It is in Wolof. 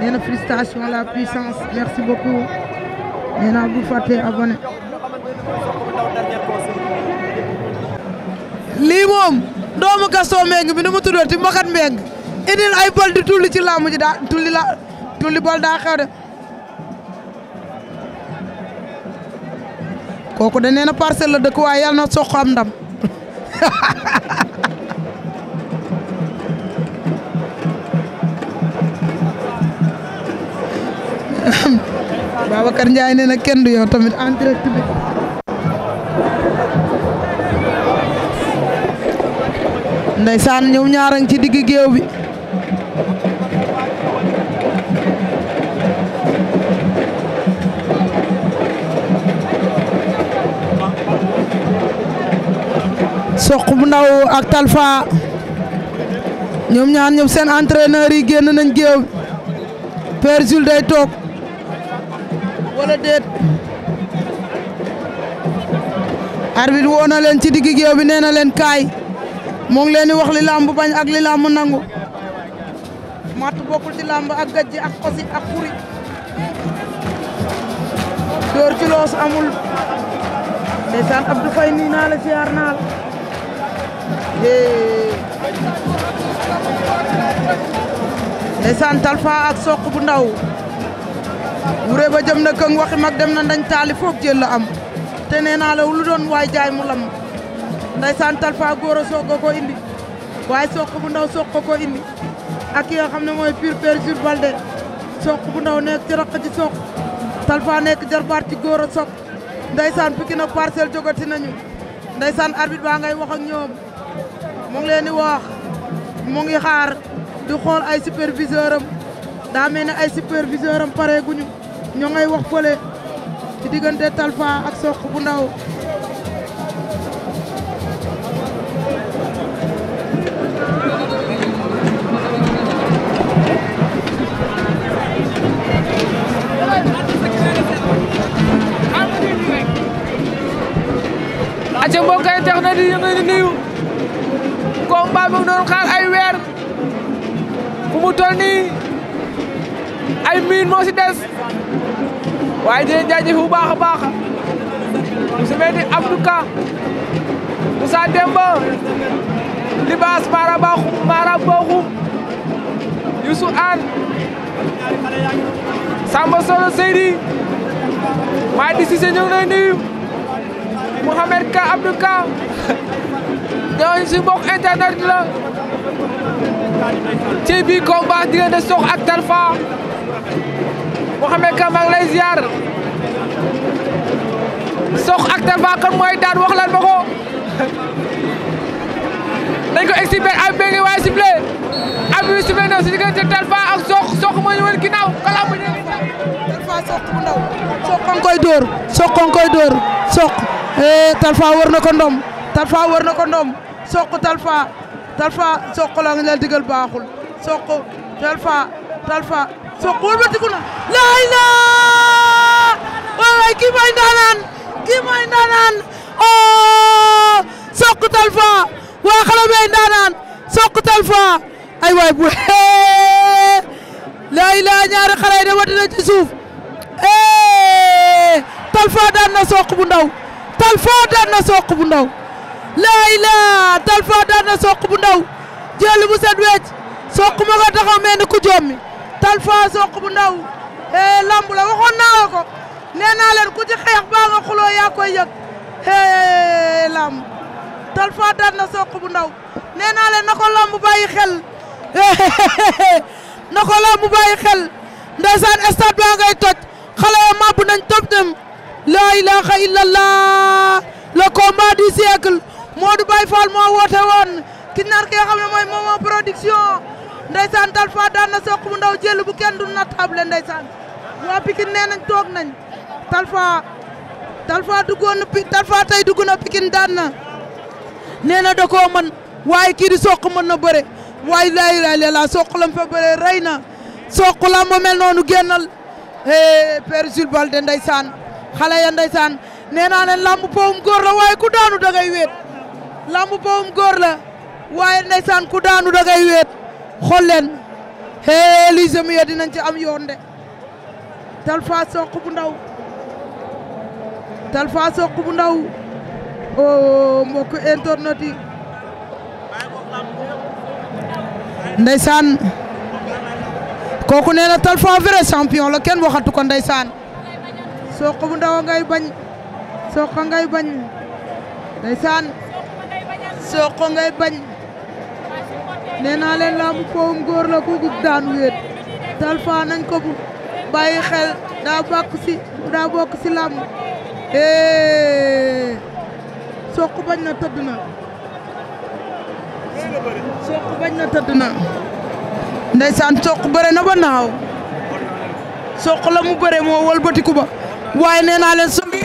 nee na la puissance merci beaucoup nee naa bu fàttee abonné. lii moom doomu Gaston Mbengue bi nu mu tuddati mbakat Mbengue indil ay bal di tulli ci làmb ji daa tulli la daa xew de kooku de nee na la dëkk waaye yàlla na soq am ndam Babacar Ndiaye nee na kenn du yow tamit en direct bi. Ndeysaan ñoom ñaarang ci digg géew bi. soq bu ndaw ak talfa ñoom ñaar ñoom seen entraîneur yi génn nañ géew Père Jules day toog wala déet arbitre woo na leen ci diggi gi bi nee na leen kaay mu ngi leen di wax li làmb bañ ak li làmb nangu matt bokkul ci làmb ak gajji ak xosi ak xuri door ci loos amul ndeysaan Abdou Faye nii naa la siyaar naa ak soq bu ndaw wuré ba jëm na këng waxi mag dem na ndañ taali foog jël la am te nee naa la lu doon waay jaay mu lam ndaysaan talfa góor a soog ko indi waaye soog bu ndaw soog ko indi ak ki nga xam ne mooy pur père jour balde soog bu ndaw nekk ci raq ci soog talfa nekk jarbaat ci góor a soog ndaysaan piki na parcelle jogati nañu ndaysaan arbitre baa ngay wax ak ñoom mu ngi leen di wax mu ngi xaar di xool ay superviseur am daa mel ne ay superviseur am pare guñu ñoo ngay wax fële ci diggante Talfa ak Sokh bu ndaw aca mbokk yi tax na di nga nuyu combat bi xaar ay weer fu mu toll nii ay miin moo si des waaye di leen bu baax a baax su mel ni Abdou Ka Moussa Demba Libaas Mara Baxum Mara Baxum Youssou An Samba Solo Seydi Madi Cissé ñu ngi lay nuyu Mouhamed Ka Abdou Ka ñooñu si mbokk internet la ci biir combat diggante Sokh ak Talfa Mouhamed Ka maa lay ziar Sokh ak Tapha kan mooy daan wax lan ma ko dañ ab bi waay sifflé ab bi sifflé na si diggante Tapha ak Sokh Sokh moo ñu woon kala mu ñu Tapha Sokh bu ndaw Sokh kon koy dóor Sokh kon koy dóor eh, na ko ndom Tapha war na ko ndom Sokh Tapha Tapha Sokh la nga baaxul Sokh Tapha talfa Sokh wëlbatiku na laa ilaa waay kii mooy ndaanaan kii mooy ndaanaan oh Sokh talfa waa xale bee ndaanaan Sokh talfa ay waay bu hee laa ñaari xale yi dama dina ci suuf eh talfa daan na bu ndaw talfa daan na bu ndaw laa ilaa talfa daan bu ndaw jël bu set wecc Sokh ma nga taxaw mel ni Talfa Sokh bu ndaw eh lamb la waxoon naa ko nee leen ku ci xeex baa nga xuloo yaa koy yëg eh lamb Talfa daan na Sokh bu ndaw nee leen na ko lamb bàyyi xel na ko lamb bàyyi xel ndeysaan stade toj xale ya màbb nañ topp dem la ilaha illallah le combat du siècle Modou Baye Fall moo woote woon ki nar ki nga xam ne mooy Production ndeysaan Talfa daan na soq bu ndaw jël bu kenn du na table ndeysaan waa Pikine nee nañ toog nañ Talfa Talfa duggoon na pi Talfa tey dugg na Pikine daan na nee na da koo mën waaye kii di soq mën na bëre waaye laa ilaaha illallaah soq lam fa bëre rey na soq la mu mel noonu génnal eh Père Jules Balde ndeysaan xale ya ndeysaan nee naa leen làmb powum góor la waaye ku daanu dangay wéet làmb powum góor la waaye ndeysaan ku daanu dangay wéet. xool leen hee lii nañ ci am yoon de Talfa Sokh bu ndaw Talfa Sokh bu ndaw oh mbokk internet yi ndeysaan kooku nee na Talfa vrai champion la kenn waxatu ko saan Sokh bu ndaw ngay bañ Sokh ngay bañ ndeysaan Sokh ngay bañ. nee naa leen làmb fowum góor la ku jug daan wéet Talfa nañ ko bu bàyyi xel daa bokk si daa bokk si làmb bañ na tëdd na soq bañ na tëdd na ndeysaan soq bëre ba naaw soq la mu bëre moo wëlbatiku ba waaye nee naa leen